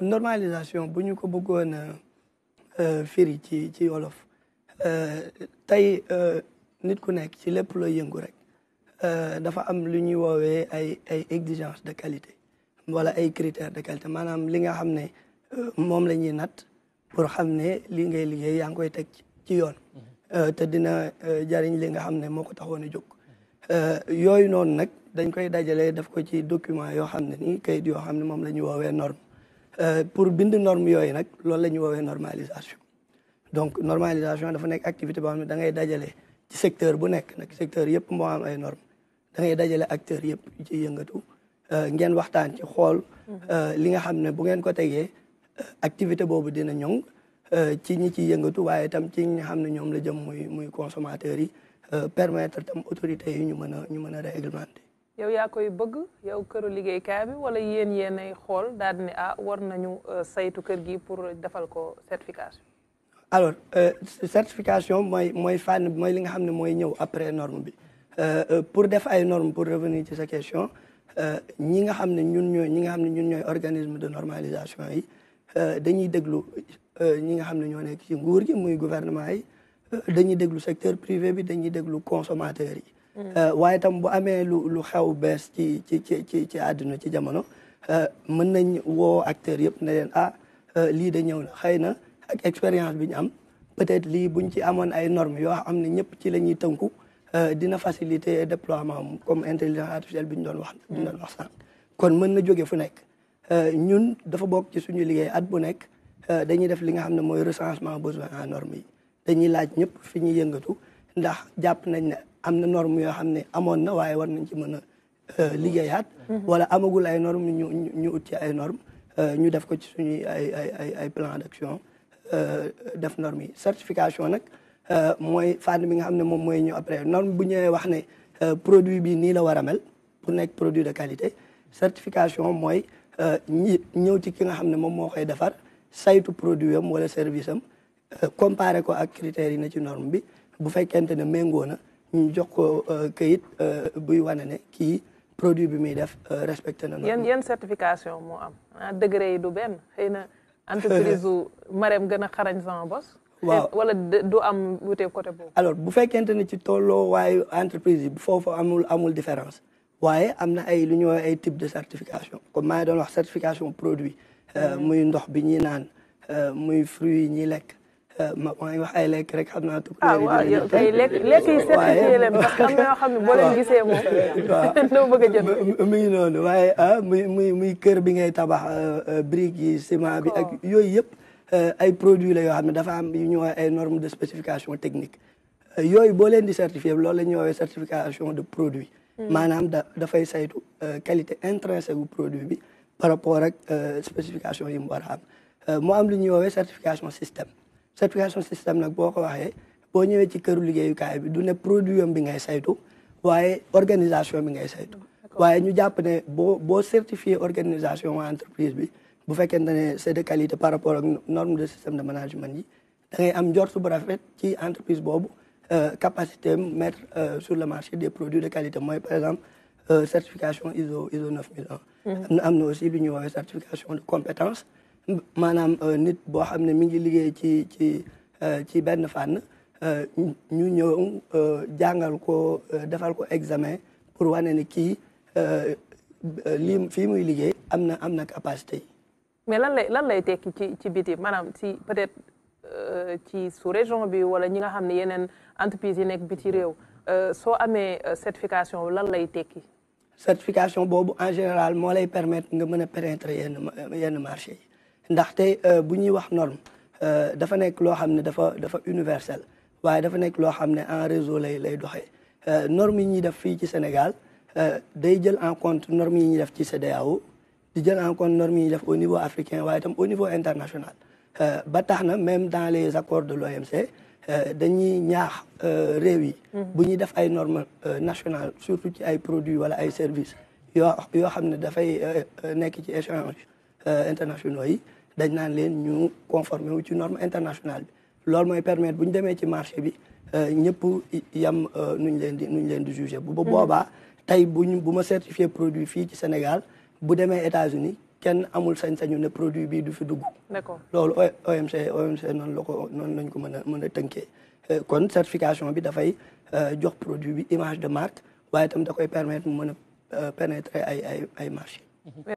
normalisation bu ñu ko bëggoon firi ci ci wolof tey nit ku nekk ci lépp looy yëngu rek dafa am lu ñuy woowee ay ay exigence de qualité wala ay critères de qualité maanaam li nga xam ne moom la ñuy natt pour xam ne li ngay liggéey yaa ngi koy teg ci yoon te dina jariñ li nga xam ne moo ko taxoon a jóg yooyu noonu nag dañ koy dajale daf ko ci document yoo xam ne nii kayit yoo xam ne moom la ñuy woowee norme Euh, pour bind norme yooyu nag loolu la ñu woowee normalisation donc normalisation dafa nekk activité boo xam ne da ngay dajale ci secteur bu nekk nag secteur yëpp moo am ay normes da ngay dajale acteurs yëpp ci yëngatu euh, ngeen waxtaan ci xool mhm. euh, li nga xam ne bu ngeen ko tegee activité boobu dina ñoŋ ci ñi ci yëngatu waaye itam ci ñi nga xam ne ñoom la jëm muy muy consommateurs yi permettre tam autorités yi ñu mën a ñu mën a réglementer yow yaa koy bëgg yow kër liggéeykaay bi wala yéen yéenay xool daal di ne ah war nañu euh, saytu kër gi pour defal ko certification. alors euh, certification mooy mooy fànn mooy li nga xam ne mooy ñëw après norme bi euh, pour def ay normes pour revenir ci sa question ñi nga xam ne ñun ñooy ñi nga xam ne ñun ñooy organisme de normalisation yi dañuy déglu ñi nga xam ne ñoo nekk ci nguur gi muy gouvernement yi dañuy déglu secteur privé bi dañuy déglu consommateurs yi. Eh, waaye tam bu amee lu lu xew best ci ci ci ci ci àddina ci jamono eh, mën nañ woo acteurs yëpp ne leen ah eh, lii de ñëw na xëy na ak expérience am betul li lii aman ci amoon ay normes yoo xam ne ñëpp ci la ñuy tënku dina facilité déploiement comme intelligence artificielle bi ñu doon wax bi doon kon mën juga jóge nyun dapat bok dafa bokk ci suñu liggéey at bu nekk dañuy def li nga xam ne mooy recensement besoin à normes yi dañuy laaj ñëpp fi ñuy yëngatu am na norme yoo xam ne amoon na waaye war nañ ci mën a euh, liggéeyaat wala amagul ay norme ñu ñu ut ci ay norme euh, ñu def ko ci suñuy ay ay ay ay plan d'action euh, def norme yi certification nag mooy fànn mi nga xam ne moom mooy ñu après norme bu ñëwee wax ne produit bi nii la war a mel pour nekk produit de qualité certification mooy ñu ñëw ci ki nga xam ne moom moo koy defar saytu produit am wala service am comparé ko ak critères yi na ci norme bi bu fekkente ne méngoo na ñu jox ko euh, kayit euh, buy wane ne produit bi muy def euh, respecté na. yeen yeen certification mo am ah, degré yi du ben xeyna entreprise su Marème gën xarañ sama boss wala du am wuté côté bobu alors bu fekkenté ni ci tolo waaye entreprise bi fofu amul amul différence waye amna ay lu ñuy ay type de certification comme maa ngi doon wax certification produit. Mm-hmm. muy ndox bi ñi naan muy fruit ñi lek ma ngi wax ay lekk rek xam naa. ah waaw yow kay lekk lekk bëgg a mi ngi noonu waaye ah muy muy muy kër bi ngay tabax euh, euh, brique yi ciment bi ak yooyu yëpp. Euh, ay produits la yoo xam ne dafa am yu ñu ay norme de spécification technique yooyu boo di certifié loolu la ñuy certification de produit. Hmm. maanaam da dafay saytu qualité intrinsèque bu produit bi par rapport ak spécification yi mu war a am mu am lu ñuy woowee certification système. certification système nak boko waxé bo boo ci ci këru kay bi du né produit am bi ngay saytu waaye organisation bi ngay saytu waaye ñu japp né bo boo certifié organisation wa entreprise bi bu féké né c'est de qualité par rapport ak norme de système de management yi da ngay am jortu bu rafet ci entreprise bobu euh, capacité mettre euh, sur le marché des produits de qualité moy par exemple euh, certification ISO ISO 9001 mmh. am na am aussi lu ñu woowee certification de compétences maanaam euh, nit boo xam ne mi ngi liggéey ci ci euh, ci benn fànn euh, ñu ñëw jàngal ko defal ko examen pour wane ni kii lii fii muy liggéey am na am na capacité mais lan lay lan lay tekki ci ci biti maanaam si peut-être ci sous région bi wala ñi nga xam ne yeneen entreprise yi nekk biti réew soo amee certification lan lay tekki certification boobu en général moo lay permettre nga mën a pénétrer yenn yenn marché yi ndaxte euh, bu ñuy wax norme euh, dafa nekk loo xam ne dafa dafa universel waaye dafa nekk loo xam ne en réseau lay lay doxee euh, norme yi ñuy def fii ci Sénégal day jël en compte norme yi ñuy def ci CDAO di jël en compte norme yi ñuy def au niveau africain waaye tam au niveau international ba tax na même dans les accords de l'OMC dañuy ñaax réew yi mhm. bu ñuy def ay normes national surtout ci ay produits wala ay services yoo yoo xam ne dafay nekk ci échange euh, internationaux yi dañ naan leen ñu conformer wu ci norme internationale bi loolu mooy permettre bu ñu ci marché bi euh, ñëpp yam euh, nuñ leen di nuñ leen di jugé bu hmm. boobaa tey bu ma certifié produit fii ci Sénégal bu demee États-Unis kenn amul sañ-sañu ne produit bi du fi dugg loolu OMC OMC non la ko non lañ ko mëna mëna mën kon certification bi da fay jox produit bi image de marque waye tam da koy permettre mu mën pénétrer ay ay ay marché hmm.